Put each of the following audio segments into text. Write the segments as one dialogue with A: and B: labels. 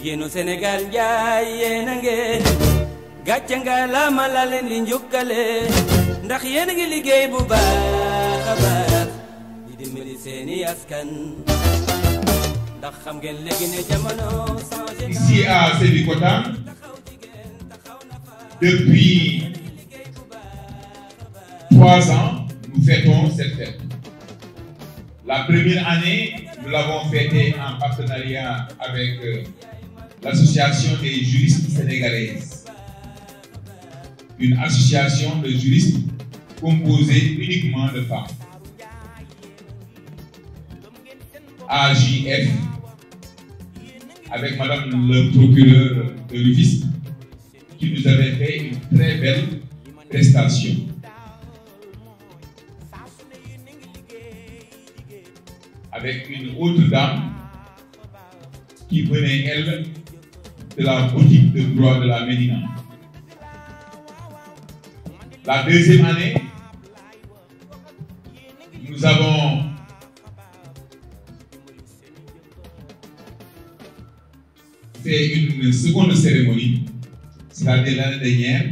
A: jigéenu senegal jaay yéen a ngeen gàcce nga laama ndax yéen ngi bu baax baax askan
B: ndax xam ngeen ne jamono
C: changé. Ici à Sébikotane, depuis trois ans, nous fêtons cette fête. La première année, nous l'avons fêtée en partenariat avec euh, l'Association des juristes sénégalaises. Une association de juristes composée uniquement de femmes. AJF, avec Madame le procureur de l'UFIS, qui nous avait fait une très belle prestation. Avec une autre dame qui venait, elle, de la boutique de droit de la Médina. La deuxième année, nous avons fait une seconde cérémonie, c'est-à-dire l'année dernière,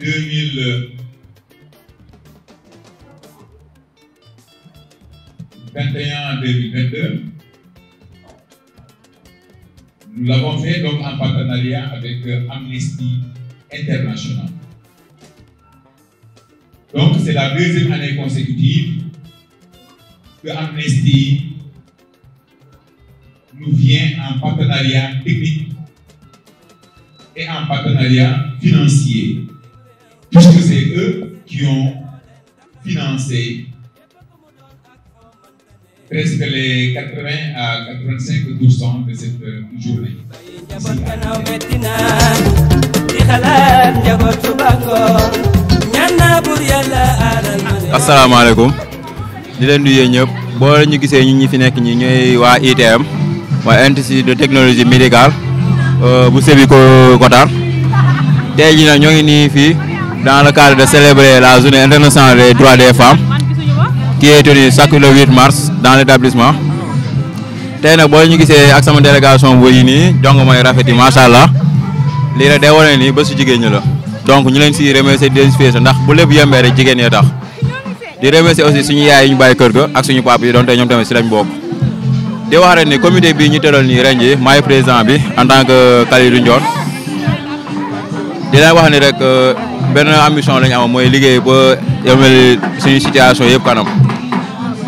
C: 2021-2022. Nous l'avons fait donc en partenariat avec euh, Amnesty International. Donc c'est la deuxième année consécutive que Amnesty nous vient en partenariat technique et en partenariat financier, puisque c'est eux qui ont financé presque les 80 à 85 de cette journée.
A: Assalamu di leen nuyee ñëpp Nous ñu gisee ñi ñi fi ITM de technologie médicale euh, bu Sébiko Kotar tey jii dans le cadre de célébrer la journée internationale des droits des femmes qui est tenu chaque le 8 mars dans l'établissement te na boo ñu gisee ak sama délégation bu yi nii donc mooy rafeti yi macha allah lii nag day wane nii ba si jigéen ñi la donc ñu leen siy remercier di si félicité ndax bu lépp yembee rek jigéen ñi tax di remercier aussi suñu yaay yi ñu bàyyi kër ak suñu papa yi doon tey ñoom tamit si lañ bokk. di wax rek ni comité bii ñu tëral nii ren jii maay président bi en tant que Kalidou Ndione di leen wax ni rek euh, benn ambition la ñu am mooy liggéey ba yemal suñu situation yëpp kanam.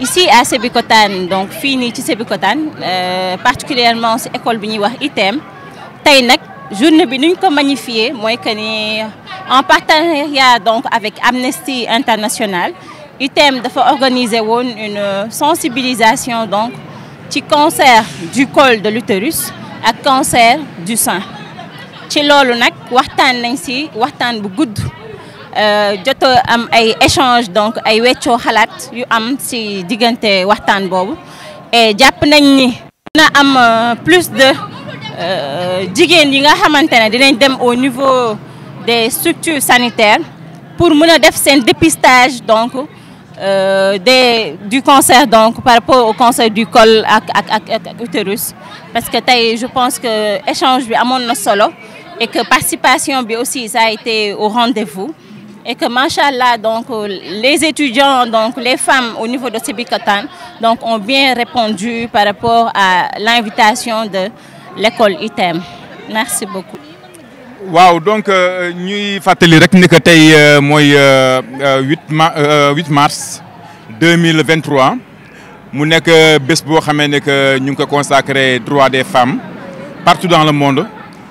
B: Ici à Sebikotan, donc fini à Sebikotan, euh, particulièrement à l'école Biniwa ITEM tey je journée bi en partenariat donc avec Amnesty International ITEM dafa organiser une sensibilisation donc cancer du col de l'utérus à cancer du sein ci loolu nag waxtaan euh, joto am ay échange donc ay qui ont yu am ci de se faire. et japp nañ ni am euh, plus de euh, jigéen yi nga xamante dinañ dem au niveau des structures sanitaires pour faire un def dépistage donc des du cancer donc par rapport au cancer du col et ak ak parce que je pense que échange bi amoon solo et que participation aussi ça a été au rendez-vous et que machallah donc euh, les étudiants donc les femmes au niveau de Sibikotan donc ont bien répondu par rapport à l'invitation de l'école ITEM merci beaucoup.
D: Wow, donc nous euh, avons rek ni que 8 euh, mars 2023 Nous avons consacré les xamé ñu droit des femmes partout dans le monde.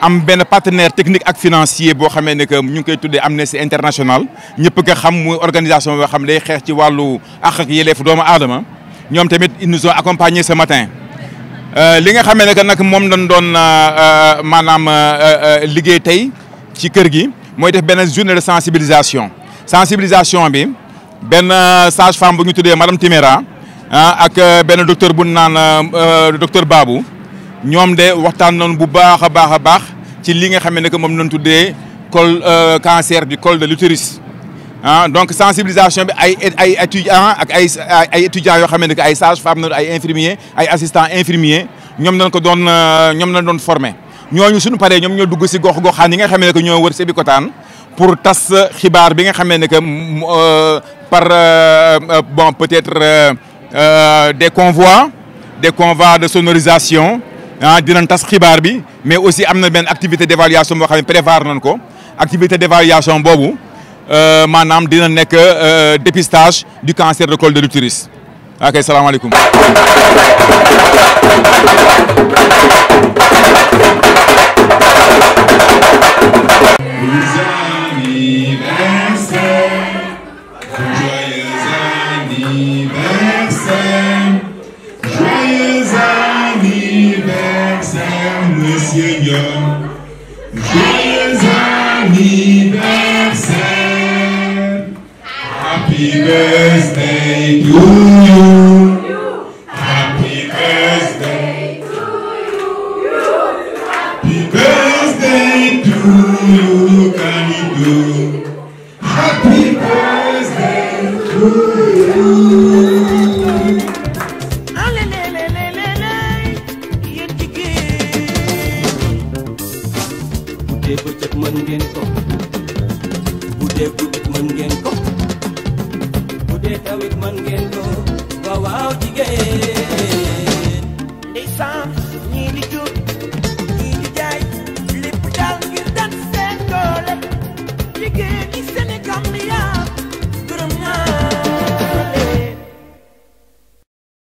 D: am ben partenaire technique ak financier bo xamé ne que ñu ngi koy tuddee Amnesty International ñëpp ko xam muy organisation bo xam lay xex ci walu ak ak yelef doomu adam ñom tamit ils nous ont accompagnés ce matin. Euh, li nga xamee ne que nag moom lañ doon euh, euh, maanaam liggéey tay ci kër gi moy def ben journée de sensibilisation sensibilisation bi ben sage femme bu ñu tuddé madame Timéra ah, ak ben docteur bu nane docteur Babou ñom dé waxtan nañu bu baax a baax ci li nga xamné que mom nañ tuddé col euh, cancer du col de l'utérus ah donc sensibilisation bi ay ay étudiants ak ay ay étudiants yoo xamné que ay sages-femmes ay infirmiers ay assistants infirmiers ñom nañ ko doon euh, ñom lañ doon formé ñoñu suñu paré ñom ñoo dugg ci gox-goxaan yi nga xamné que ñoo wër Sébikotane pour tas xibar bi nga xamné ne que euh, par bon peut-être des convois des convois de sonorisation ah dinañ tas xibar bi mais aussi amna ben activité d'évaluation évaluation xamné xam nañ ko activité d'évaluation bobu euh manam dina nek euh, dépistage du cancer de col de l'utérus ok alaykoum
A: guddee bëccëg mën ngeen ko guddee guddit mën ngeen ko guddee tawit mën ngeen ko waaw waaw jigéen